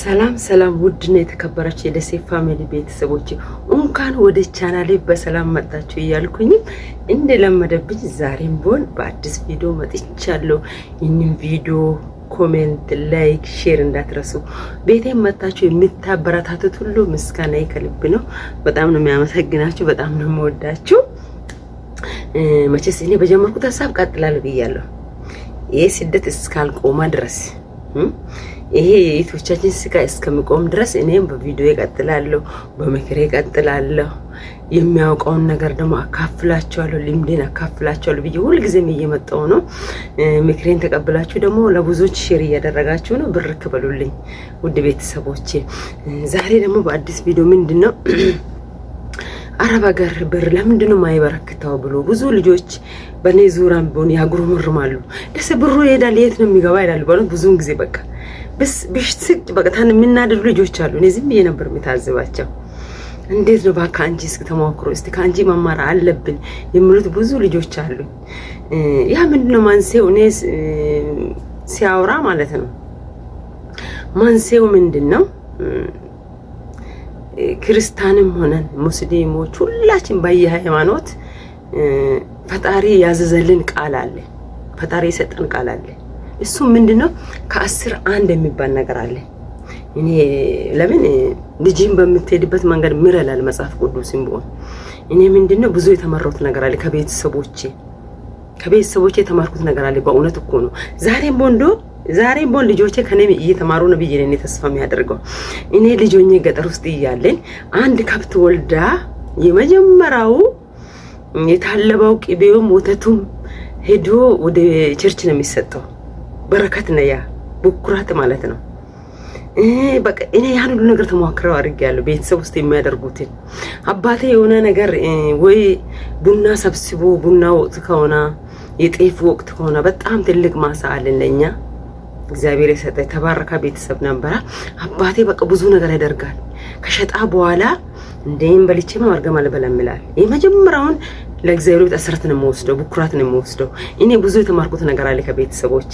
ሰላም ሰላም ውድና የተከበራችሁ የደሴ ፋሚሊ ቤተሰቦች እንኳን ወደ ቻናሌ በሰላም መጣችሁ እያልኩኝም እንደለመደብኝ ዛሬም ቢሆን በአዲስ ቪዲዮ መጥቻለሁ። ይህንን ቪዲዮ ኮሜንት፣ ላይክ፣ ሼር እንዳትረሱ። ቤቴ መታችሁ የምታበረታቱት ሁሉ ምስጋናዬ ከልብ ነው። በጣም ነው የሚያመሰግናችሁ፣ በጣም ነው የምወዳችሁ። መቼስ እኔ በጀመርኩት ሀሳብ ቀጥላለሁ ብያለሁ። ይህ ስደት እስካልቆመ ድረስ ይሄ የኢትዮቻችን ስጋ እስከሚቆም ድረስ እኔም በቪዲዮ ይቀጥላለሁ፣ በምክሬ ይቀጥላለሁ። የሚያውቀውን ነገር ደግሞ አካፍላቸዋለሁ፣ ልምዴን አካፍላችኋለሁ ብዬ ሁልጊዜም እየመጣው ነው። ምክሬን ተቀብላችሁ ደግሞ ለብዙዎች ሼር እያደረጋችሁ ነው። ብርክ በሉልኝ ውድ ቤተሰቦቼ። ዛሬ ደግሞ በአዲስ ቪዲዮ ምንድን ነው አረብ ሀገር ብር ለምንድን ነው የማይበረክተው ብሎ ብዙ ልጆች በእኔ ዙራን ቢሆን ያጉረመርማሉ። ደስ ብሩ ይሄዳል፣ የት ነው የሚገባ ይላሉ። ብዙውን ጊዜ በቃ ብሽስቅ በቃ የምናደዱ ልጆች አሉ። እኔ ዝም ብዬ ነበር የምታዝባቸው እንዴት ነው ባካ አንቺ እስኪ ተሞክሮ እስቲ ከአንቺ መማር አለብን የሚሉት ብዙ ልጆች አሉ። ያ ምንድነው ማንሴው? እኔ ሲያወራ ማለት ነው ማንሴው ምንድን ነው? ክርስቲያንም ሆነን ሙስሊሞች ሁላችን በየሃይማኖት ፈጣሪ ያዘዘልን ቃል አለ። ፈጣሪ የሰጠን ቃል አለ። እሱ ምንድነው ከአስር አንድ የሚባል ነገር አለ። እኔ ለምን ልጅም በምትሄድበት መንገድ ምረላል መጽሐፍ ቅዱስም ቢሆን እኔ ምንድነው ብዙ የተመራሁት ነገር አለ ከቤተሰቦቼ ከቤተሰቦቼ የተማርኩት ነገር አለ። በእውነት እኮ ነው። ዛሬም ቦንዶ ዛሬም ቦን ልጆቼ ከኔ እየተማሩ ነው ብዬ እኔ ተስፋ የሚያደርገው እኔ ልጆኜ ገጠር ውስጥ እያለኝ አንድ ከብት ወልዳ የመጀመሪያው የታለበው ቅቤውም ወተቱም ሄዶ ወደ ቸርች ነው የሚሰጠው። በረከት ነው። ያ በኩራት ማለት ነው። በቃ እኔ ያን ሁሉ ነገር ተሟክረው አድርጌያለሁ። ቤተሰብ ውስጥ የሚያደርጉትን አባቴ የሆነ ነገር ወይ ቡና ሰብስቦ ቡና ወቅት ከሆነ የጤፍ ወቅት ከሆነ በጣም ትልቅ ማሳ አለን ለእኛ እግዚአብሔር የሰጠ የተባረከ ቤተሰብ ነበረ። አባቴ በቃ ብዙ ነገር ያደርጋል። ከሸጣ በኋላ እንደም በልቼ ማርገም አልበላም ይላል። የመጀመሪያውን ለእግዚአብሔር ቤት አስራት ነው የምወስደው፣ ብኩራት ነው የምወስደው። እኔ ብዙ የተማርኩት ነገር አለ ከቤተሰቦቼ።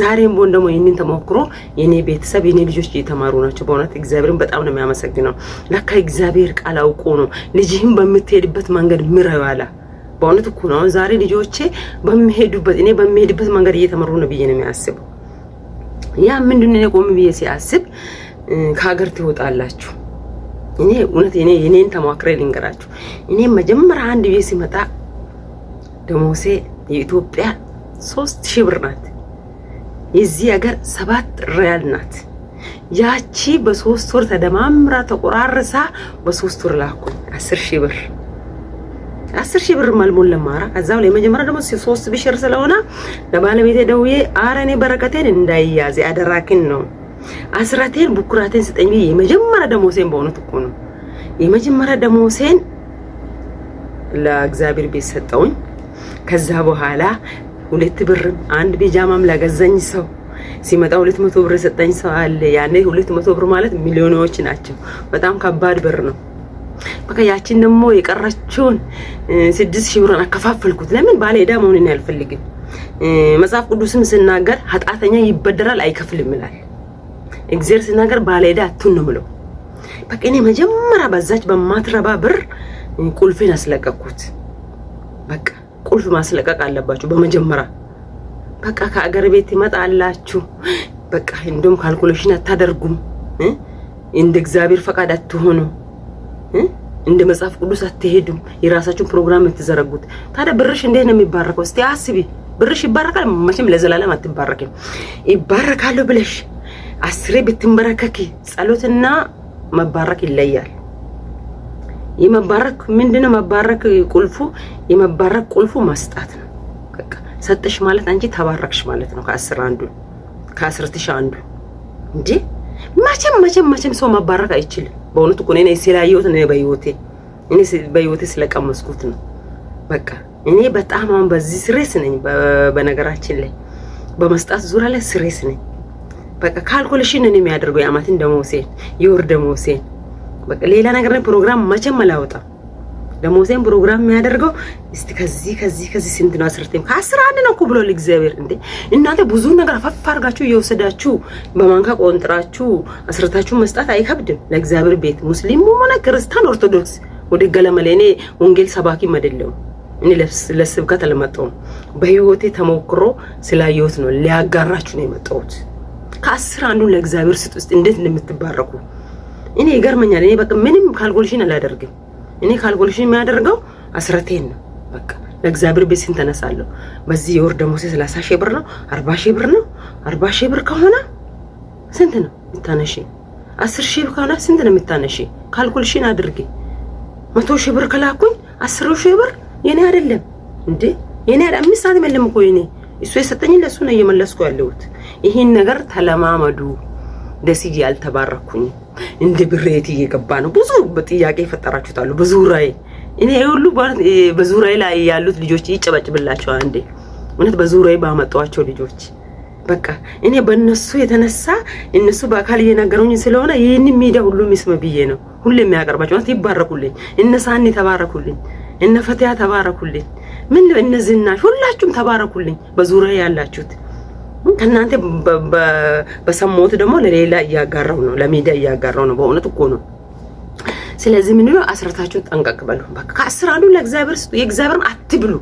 ዛሬም ወን ደግሞ ይህንን ተሞክሮ የኔ ቤተሰብ የኔ ልጆች እየተማሩ ናቸው። በእውነት እግዚአብሔርን በጣም ነው የሚያመሰግነው። ለካ እግዚአብሔር ቃል አውቆ ነው ልጅህን በምትሄድበት መንገድ ምረው አለ። በእውነት እኮ ነው። አሁን ዛሬ ልጆቼ በሚሄዱበት እኔ በሚሄድበት መንገድ እየተመሩ ነው ብዬ ነው የሚያስበው። ያ ምንድን ነው ቆም ብዬ ሲያስብ ከሀገር ትወጣላችሁ እኔ እውነት እኔ የኔን ተሟክሬ ልንገራችሁ። እኔ መጀመሪያ አንድ ቤት ሲመጣ ደሞሴ የኢትዮጵያ ሶስት ሺህ ብር ናት። የዚህ ሀገር ሰባት ሪያል ናት። ያቺ በሶስት ወር ተደማምራ ተቆራርሳ በሶስት ወር ላኩኝ አስር ሺህ ብር አስር ሺህ ብር ማልሞል ለማራ እዛው ላይ መጀመሪያ ደግሞ ሶስት ብሽር ስለሆነ ለባለቤቴ ደውዬ አረ እኔ በረከቴን እንዳይያዝ አደራኪን ነው አስራቴን ቡኩራቴን ስጠኝ ብዬ የመጀመሪያ ደሞሴን በእውነት እኮ ነው የመጀመሪያ ደሞሴን ለእግዚአብሔር ቤት ሰጠውኝ። ከዛ በኋላ ሁለት ብርም አንድ ቢጃማም ላገዛኝ ሰው ሲመጣ ሁለት መቶ ብር ሰጠኝ ሰው አለ። ያኔ ሁለት መቶ ብር ማለት ሚሊዮኖች ናቸው። በጣም ከባድ ብር ነው። በቃ ያችን ደግሞ የቀረችውን ስድስት ሺህ አከፋፈልኩት። ለምን ባለ ዕዳ መሆንን አልፈልግም። መጽሐፍ ቅዱስም ስናገር ኃጢአተኛ ይበደራል አይከፍልም ይላል። እግዚአብሔር ሲናገር ባለዕዳ አትሁን ነው ብለው በቃ እኔ መጀመሪያ በዛች በማትረባ ብር ቁልፌን አስለቀቅኩት። በቃ ቁልፍ ማስለቀቅ አለባችሁ በመጀመሪያ በቃ ከአገር ቤት ይመጣላችሁ። በቃ እንደውም ካልኩሌሽን አታደርጉም። እንደ እግዚአብሔር ፈቃድ አትሆኑ፣ እንደ መጽሐፍ ቅዱስ አትሄዱም። የራሳችሁን ፕሮግራም የምትዘረጉት ታዲያ ብርሽ እንዴት ነው የሚባረከው? እስቲ አስቢ። ብርሽ ይባረካል? መቼም ለዘላለም አትባረክም። ይባረካሉ ብለሽ አስሬ ብትንበረከኪ ጸሎትና መባረክ ይለያል። የመባረክ ምንድነው? መባረክ ቁልፉ የመባረክ ቁልፉ መስጣት ነው። ሰጠሽ ማለት አንቺ ተባረክሽ ማለት ነው። ከአስር አንዱ ከአስርትሽ አንዱ እንጂ መቼም መቼም መቼም ሰው መባረክ አይችልም። በእውነቱ እኮ እኔ ስላየሁት እኔ በህይወቴ እኔ በህይወቴ ስለቀመስኩት ነው። በቃ እኔ በጣም አሁን በዚህ ስሬስ ነኝ። በነገራችን ላይ በመስጣት ዙሪያ ላይ ስሬስ ነኝ። በቃ ካልኩሌሽን እኔ የሚያደርገው የአመትን ደሞሴን የወር ደሞሴን በቃ ሌላ ነገር ላይ ፕሮግራም መቼም አላወጣም። ደሞሴን ፕሮግራም የሚያደርገው እስቲ ከዚህ ከዚህ ከዚህ ስንት ነው አስርቴም ከአስራ አንድ ነው እኮ ብሏል እግዚአብሔር። እንዴ እናንተ ብዙ ነገር አፈፍ አድርጋችሁ እየወሰዳችሁ በማንካ ቆንጥራችሁ አስርታችሁ መስጣት አይከብድም ለእግዚአብሔር ቤት ሙስሊም ሆነ ክርስቲያን ኦርቶዶክስ ወደ ገለመለ እኔ ወንጌል ሰባኪም አይደለሁም። እኔ ለስብከት አልመጣሁም። በህይወቴ ተሞክሮ ስላየሁት ነው ሊያጋራችሁ ነው የመጣሁት። ከአስር አንዱን ለእግዚአብሔር ስጥ ውስጥ እንዴት እንደምትባረኩ እኔ ይገርመኛል። እኔ በቃ ምንም ካልኩሌሽን አላደርግም። እኔ ካልኩሌሽን የሚያደርገው አስረቴን ነው። በቃ ለእግዚአብሔር ቤት ስንት ተነሳለሁ። በዚህ የወር ደሞዜ ሰላሳ ሺህ ብር ነው፣ አርባ ሺህ ብር ነው። አርባ ሺህ ብር ከሆነ ስንት ነው የምታነሺ? አስር ሺህ ከሆነ ስንት ነው የምታነሺ? ካልኩሌሽን አድርጊ። መቶ ሺህ ብር ከላኩኝ አስር ሺህ ብር የኔ አይደለም እንዴ የኔ አምስት ሰዓት የለም እኮ የኔ እሱ የሰጠኝ ለእሱ ነው እየመለስኩ ያለሁት። ይሄን ነገር ተለማመዱ። ደስዬ ያልተባረኩኝ እንደ ብሬት እየገባ ነው። ብዙ ጥያቄ ፈጠራችሁታሉ በዙሪያዬ። እኔ ሁሉ በዙሪያዬ ላይ ያሉት ልጆች ይጨበጭብላቸው አንዴ። እውነት በዙሪያዬ ባመጣዋቸው ልጆች በቃ እኔ በነሱ የተነሳ እነሱ በአካል እየናገሩኝ ስለሆነ ይህን ሚዲያ ሁሉም ይስም ብዬ ነው ሁሉ የሚያቀርባቸው። እውነት ይባረኩልኝ። እነ ሳኒ ተባረኩልኝ፣ እነ ተባረኩልኝ፣ ምን እነ ዝናሽ ሁላችሁም ተባረኩልኝ በዙሪያዬ ያላችሁት ከእናንተ በሰሞት ደግሞ ለሌላ እያጋራው ነው፣ ለሚዲያ እያጋራው ነው። በእውነት እኮ ነው። ስለዚህ ምን ነው አስራታችሁ ጠንቀቅ በሉ። በቃ ከአስር አንዱ ለእግዚአብሔር ስጡ። የእግዚአብሔርን አትብሉ፣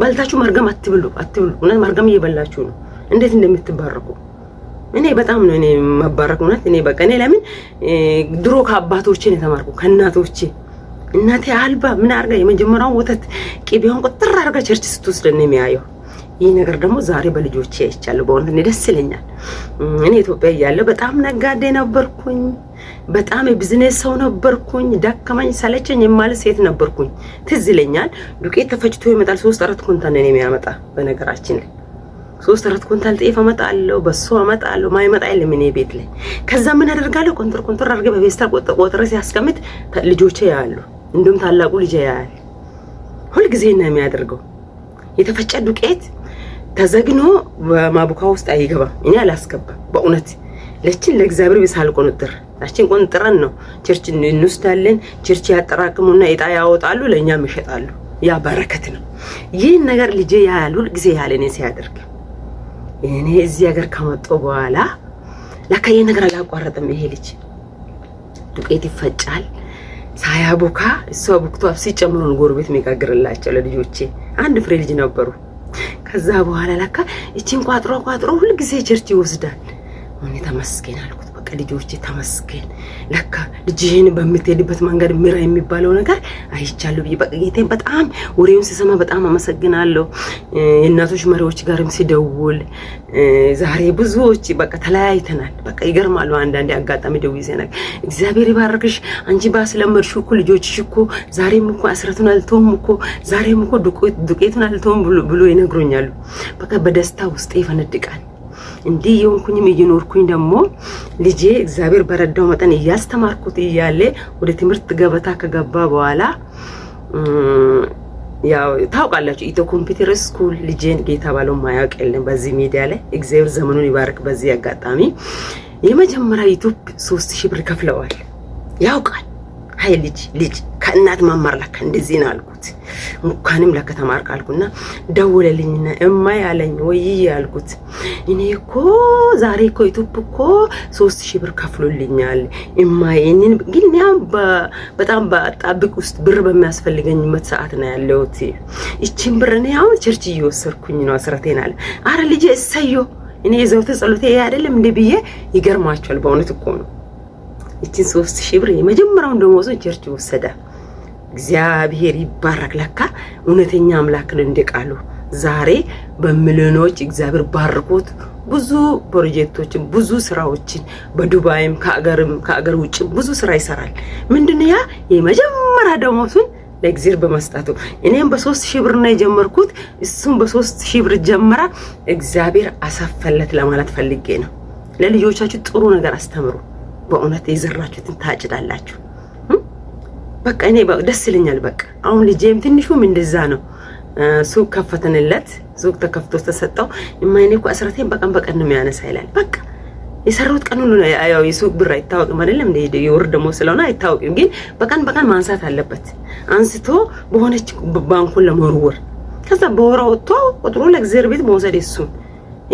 በልታችሁ መርገም አትብሉ፣ አትብሉ። እውነት መርገም እየበላችሁ ነው። እንዴት እንደምትባረኩ እኔ በጣም ነው እኔ መባረክ እውነት። እኔ በቃ እኔ ለምን ድሮ ከአባቶቼ ነው የተማርኩ ከእናቶቼ እናቴ አልባ ምን አርጋ የመጀመሪያውን ወተት ቅቤውን ቁጥር አርጋ ቸርች ስትወስደን ነው የሚያየው ይህ ነገር ደግሞ ዛሬ በልጆቼ አይቻለሁ። በእውነት እኔ ደስ ይለኛል። እኔ ኢትዮጵያ እያለሁ በጣም ነጋዴ ነበርኩኝ። በጣም የቢዝነስ ሰው ነበርኩኝ። ደከመኝ ሰለቸኝ የማል ሴት ነበርኩኝ። ትዝ ይለኛል። ዱቄት ተፈጭቶ ይመጣል። ሶስት አራት ኩንታል ነው የሚያመጣ። በነገራችን ላይ ሶስት አራት ኩንታል ጤፍ አመጣለሁ፣ በሶ አመጣለሁ። ማይመጣ የለም እኔ ቤት ላይ። ከዛ ምን አደርጋለሁ? ቁንጥር ቁንጥር አድርገ በቤስታ ቆጥሬ ሲያስቀምጥ ልጆቼ ያሉ እንዲሁም ታላቁ ልጅ ያያል። ሁልጊዜ ነው የሚያደርገው የተፈጨ ዱቄት ተዘግኖ በማቡካ ውስጥ አይገባም። እኔ አላስገባም። በእውነት ለችን ለእግዚአብሔር ቤት ሳልቆንጥር ላችን ቆንጥረን ነው ቸርች እንወስዳለን። ቸርች ያጠራቅሙና እጣ ያወጣሉ፣ ለእኛም ይሸጣሉ። ያ በረከት ነው። ይህን ነገር ልጄ ያህል ሁል ጊዜ ያህል እኔ ሲያደርግ እኔ እዚህ ሀገር ከመጣሁ በኋላ ለካ ይህ ነገር አላቋረጠም። ይሄ ልጅ ዱቄት ይፈጫል ሳያቦካ እሱ አቡክቶ አብሲ ጎረቤት የሚጋግርላቸው ለልጆቼ አንድ ፍሬ ልጅ ነበሩ። ከዛ በኋላ ለካ እቺን ቋጥሮ ቋጥሮ ሁልጊዜ ጀርት ይወስዳል። እኔ ተመስገን አልኩት። በቃ ተመስገን፣ ለካ ልጅህን በምትሄድበት መንገድ ምራ የሚባለው ነገር አይቻለሁ ብዬ በጣም ወሬውን ስሰማ በጣም አመሰግናለሁ። የእናቶች መሪዎች ጋርም ሲደውል ዛሬ ብዙዎች በቃ ተለያይተናል። በቃ ይገርማሉ። አንዳንዴ አጋጣሚ እግዚአብሔር ይባርክሽ፣ አንቺ ባስለመድሽው እኮ ልጆችሽ እኮ ዛሬም እኮ አስረቱን አልተውም እኮ ዛሬም እኮ ዱቄቱን አልተውም ብሎ ይነግሮኛሉ። በቃ በደስታ ውስጤ ይፈነድቃል። እንዲህ የሆንኩኝም እየኖርኩኝ ደግሞ ልጄ እግዚአብሔር በረዳው መጠን እያስተማርኩት እያለ ወደ ትምህርት ገበታ ከገባ በኋላ ያው ታውቃላችሁ ኢትዮ ኮምፒውተር ስኩል ልጄን ጌታ ባለው ማያውቅ የለም። በዚህ ሚዲያ ላይ እግዚአብሔር ዘመኑን ይባርክ። በዚህ አጋጣሚ የመጀመሪያ ዩቱብ ሶስት ሺህ ብር ከፍለዋል። ያውቃል ሀይ ልጅ ልጅ ከእናት መማር ለካ እንደዚህ ነው አልኩት። እንኳንም ለካ ተማርክ አልኩና ደወለልኝና እማ ያለኝ ወይ አልኩት። እኔ እኮ ዛሬ እኮ ዩቱብ እኮ ሶስት ሺህ ብር ከፍሎልኛል እማ ይህንን ግን ያ በጣም በጣብቅ ውስጥ ብር በሚያስፈልገኝበት ሰዓት ነው ያለሁት። ይችን ብር እኔ አሁን ቸርች እየወሰድኩኝ ነው አስረቴን አለ። አረ ልጄ እሰዮ እኔ የዘውተ ጸሎቴ ይሄ አይደለም እንደ ብዬ ይገርማቸዋል። በእውነት እኮ ነው እችን ሶስት ሺህ ብር የመጀመሪያውን ደሞዞ ቸርች ወሰደ። እግዚአብሔር ይባረክ። ለካ እውነተኛ አምላክ ነው እንደ ቃሉ። ዛሬ በሚሊዮኖች እግዚአብሔር ባርኮት ብዙ ፕሮጀክቶችን ብዙ ስራዎችን በዱባይም ከአገርም ከአገር ውጭ ብዙ ስራ ይሰራል። ምንድን ያ የመጀመሪያ ደሞዙን ለእግዚር በመስጠቱ እኔም በሶስት ሺህ ብር ነው የጀመርኩት፣ እሱም በሶስት ሺህ ብር ጀመራ። እግዚአብሔር አሰፈለት ለማለት ፈልጌ ነው። ለልጆቻችሁ ጥሩ ነገር አስተምሩ። በእውነት የዘራችሁትን ታጭዳላችሁ። በቃ እኔ ደስ ይለኛል። በቃ አሁን ልጄም ትንሹም እንደዛ ነው። ሱቅ ከፈትንለት፣ ሱቅ ተከፍቶ ተሰጠው። የማይኔ እኮ አስራቴን በቀን በቀን ነው የሚያነሳ ይላል። በቃ የሰራሁት ቀን ሁሉ ነው። ያው የሱቅ ብር አይታወቅም አይደለም፣ የወር ደሞ ስለሆነ አይታወቅም። ግን በቀን በቀን ማንሳት አለበት። አንስቶ በሆነች ባንኩን ለመወርወር ከዛ በወራ ወጥቶ ቁጥሩ ለእግዚአብሔር ቤት መውሰድ የሱን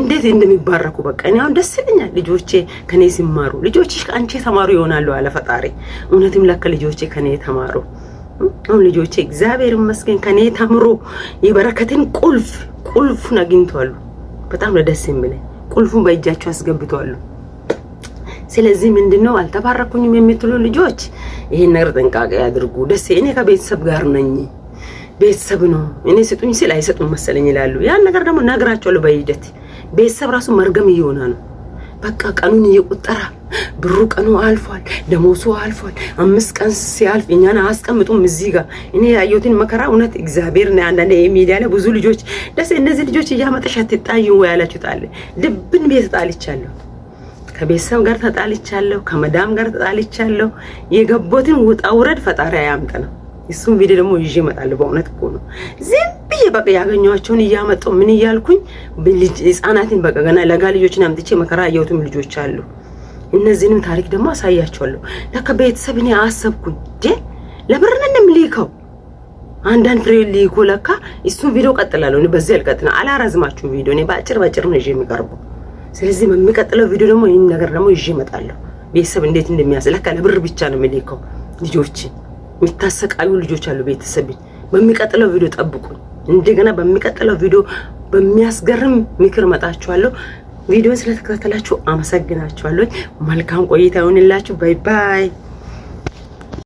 እንዴት እንደሚባረኩ በቃ እኔ አሁን ደስ ይለኛል። ልጆቼ ከኔ ሲማሩ ልጆችሽ ከአንቺ የተማሩ ይሆናሉ አለ ፈጣሪ። እውነትም ለከ ልጆቼ ከኔ የተማሩ አሁን ልጆቼ እግዚአብሔር ይመስገን ከኔ ተምሮ የበረከትን ቁልፍ ቁልፉን አግኝቷሉ። በጣም ለደስ የሚል ቁልፉን በእጃቸው አስገብቷሉ። ስለዚህ ምንድነው አልተባረኩኝም የምትሉ ልጆች ይሄን ነገር ጥንቃቄ ያድርጉ። ደስ እኔ ከቤተሰብ ጋር ነኝ ቤተሰብ ነው እኔ ስጡኝ ስል አይሰጡም መሰለኝ ይላሉ። ያን ነገር ደግሞ ነግራቸዋለሁ በሂደት ቤተሰብ ራሱ መርገም እየሆነ ነው። በቃ ቀኑን እየቆጠረ ብሩ ቀኑ አልፏል፣ ደሞሱ አልፏል። አምስት ቀን ሲያልፍ እኛን አያስቀምጡም እዚህ ጋር። እኔ ያየሁትን መከራ እውነት እግዚአብሔር ነው። አንዳንድ የሚዲያ ላይ ብዙ ልጆች ደስ እነዚህ ልጆች እያመጠሽ አትጣዩ ወይ ያላችሁ ጣለ ልብን ቤት ጣልቻለሁ፣ ከቤተሰብ ጋር ተጣልቻለሁ፣ ከመዳም ጋር ተጣልቻለሁ። የገቦትን ውጣ ውረድ ፈጣሪ ያምጥ ነው። እሱም ቪዲዮ ደግሞ ይዤ እመጣለሁ። በእውነት እኮ ነው ዝም የተለያየ በቃ ያገኘኋቸውን እያመጣሁ ምን እያልኩኝ ህጻናትን በቃ ገና ለጋ ልጆችን አምጥቼ መከራ ያየሁትም ልጆች አሉ። እነዚህንም ታሪክ ደግሞ አሳያቸዋለሁ። ለካ ቤተሰብ እኔ አሰብኩኝ ዴ ለብርንንም ሊከው አንዳንድ ፍሬ ሊኮ ለካ እሱን ቪዲዮ ቀጥላለሁ። እኔ በዚህ አልቀጥና አላራዝማችሁ ቪዲዮ እኔ በአጭር በአጭር ነው ይዤ የሚቀርቡ። ስለዚህ በሚቀጥለው ቪዲዮ ደግሞ ይህን ነገር ደግሞ ይዤ እመጣለሁ። ቤተሰብ እንዴት እንደሚያዝ ለካ ለብር ብቻ ነው የሚልከው ልጆች የሚታሰቃዩ ልጆች አሉ ቤተሰብ በሚቀጥለው ቪዲዮ ጠብቁኝ። እንደገና በሚቀጥለው ቪዲዮ በሚያስገርም ምክር መጣችኋለሁ። ቪዲዮን ስለተከታተላችሁ አመሰግናችኋለሁ። መልካም ቆይታ ይሆንላችሁ። ባይ ባይ።